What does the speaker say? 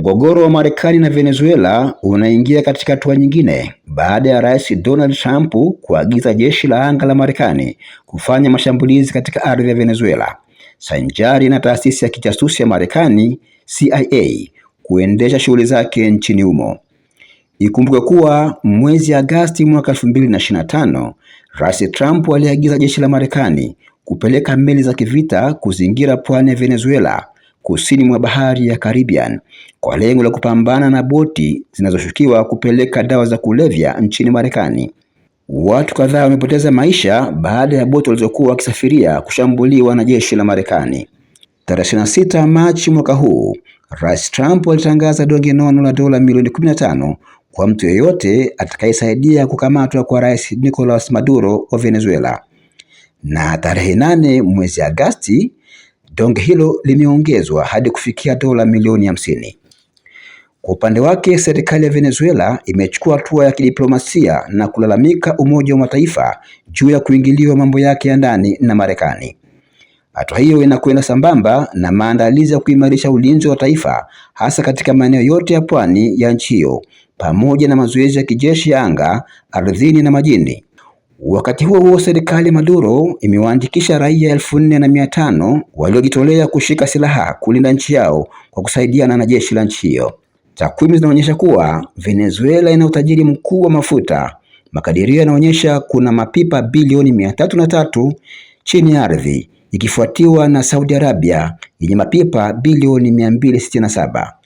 Mgogoro wa Marekani na Venezuela unaingia katika hatua nyingine baada ya Rais Donald Trump kuagiza jeshi la anga la Marekani kufanya mashambulizi katika ardhi ya Venezuela, sanjari na taasisi ya kijasusi ya Marekani CIA kuendesha shughuli zake nchini humo. Ikumbuke kuwa mwezi Agasti mwaka 2025, Rais Trump aliagiza jeshi la Marekani kupeleka meli za kivita kuzingira pwani ya Venezuela kusini mwa bahari ya Caribbean kwa lengo la kupambana na boti zinazoshukiwa kupeleka dawa za kulevya nchini Marekani. Watu kadhaa wamepoteza maisha baada ya boti walizokuwa wakisafiria kushambuliwa na jeshi la Marekani. Tarehe 26 Machi mwaka huu, Rais Trump alitangaza donge nono la dola milioni 15 kwa mtu yeyote atakayesaidia kukamatwa kwa Rais Nicolas Maduro wa Venezuela. Na tarehe nane mwezi Agasti, Donge hilo limeongezwa hadi kufikia dola milioni hamsini. Kwa upande wake, serikali ya Venezuela imechukua hatua ya kidiplomasia na kulalamika Umoja wa Mataifa juu ya kuingiliwa mambo yake ya ndani na Marekani. Hatua hiyo inakwenda sambamba na maandalizi ya kuimarisha ulinzi wa taifa hasa katika maeneo yote ya pwani ya nchi hiyo pamoja na mazoezi ya kijeshi ya anga, ardhini na majini. Wakati huo huo, serikali Maduro imewaandikisha raia elfu nne na mia tano waliojitolea kushika silaha kulinda nchi yao kwa kusaidiana na jeshi la nchi hiyo. Takwimu zinaonyesha kuwa Venezuela ina utajiri mkuu wa mafuta. Makadirio yanaonyesha kuna mapipa bilioni mia tatu na tatu chini ya ardhi, ikifuatiwa na Saudi Arabia yenye mapipa bilioni mia mbili sitini na saba.